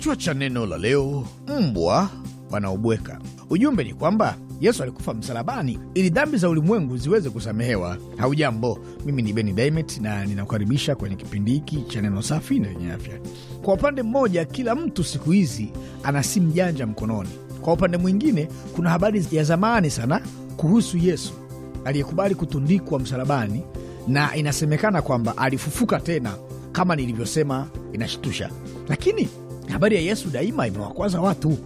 Kichwa cha neno la leo, mbwa wanaobweka. Ujumbe ni kwamba Yesu alikufa msalabani ili dhambi za ulimwengu ziweze kusamehewa. Haujambo, mimi ni Beni Daimet na ninakukaribisha kwenye kipindi hiki cha neno safi na lenye afya. Kwa upande mmoja, kila mtu siku hizi ana simu janja mkononi. Kwa upande mwingine, kuna habari ya zamani sana kuhusu Yesu aliyekubali kutundikwa msalabani, na inasemekana kwamba alifufuka tena. Kama nilivyosema, inashitusha, lakini Habari ya Yesu daima imewakwaza watu.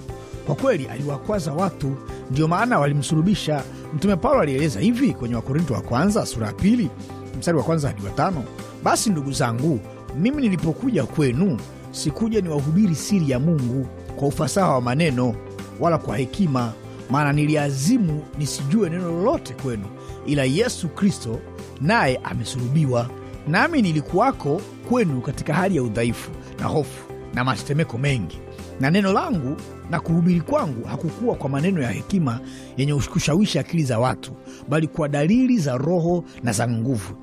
Kwa kweli aliwakwaza watu, ndiyo maana walimsulubisha. Mtume Paulo alieleza hivi kwenye Wakorinto wa kwanza sura ya pili mstari wa kwanza hadi wa tano: basi ndugu zangu, mimi nilipokuja kwenu sikuja niwahubiri siri ya Mungu kwa ufasaha wa maneno wala kwa hekima, maana niliazimu nisijue neno lolote kwenu ila Yesu Kristo naye amesulubiwa. Nami nilikuwako kwenu katika hali ya udhaifu na hofu na matetemeko mengi, na neno langu na kuhubiri kwangu hakukuwa kwa maneno ya hekima yenye kushawishi akili za watu, bali kwa dalili za Roho na za nguvu,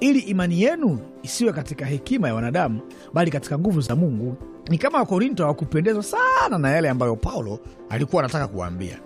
ili imani yenu isiwe katika hekima ya wanadamu, bali katika nguvu za Mungu. Ni kama Wakorinto hawakupendezwa sana na yale ambayo Paulo alikuwa anataka kuwaambia,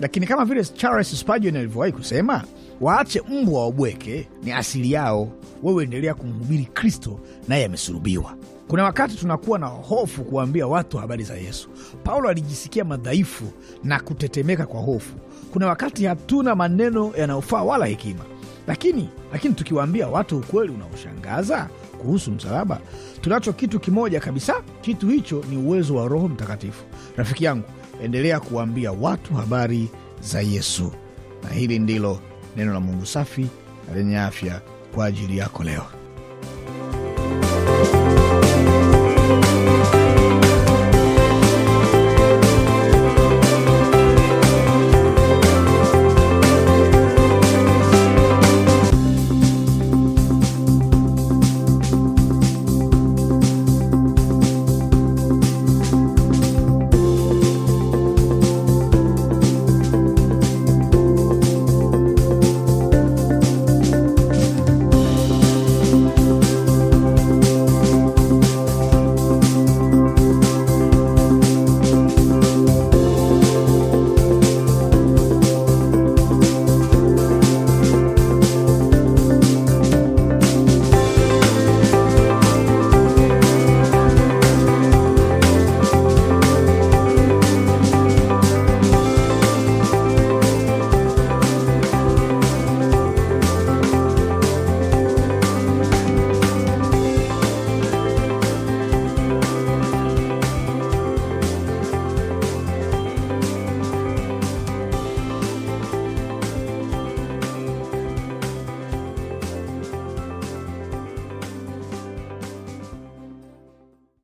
lakini kama vile Charles Spurgeon alivyowahi kusema, waache mbwa wabweke, ni asili yao, wewe endelea kumhubiri Kristo, naye amesurubiwa kuna wakati tunakuwa na hofu kuwaambia watu habari za Yesu. Paulo alijisikia madhaifu na kutetemeka kwa hofu. Kuna wakati hatuna maneno yanayofaa wala hekima, lakini lakini tukiwaambia watu ukweli unaoshangaza kuhusu msalaba, tunacho kitu kimoja kabisa. Kitu hicho ni uwezo wa Roho Mtakatifu. Rafiki yangu, endelea kuwaambia watu habari za Yesu, na hili ndilo neno la Mungu safi na lenye afya kwa ajili yako leo.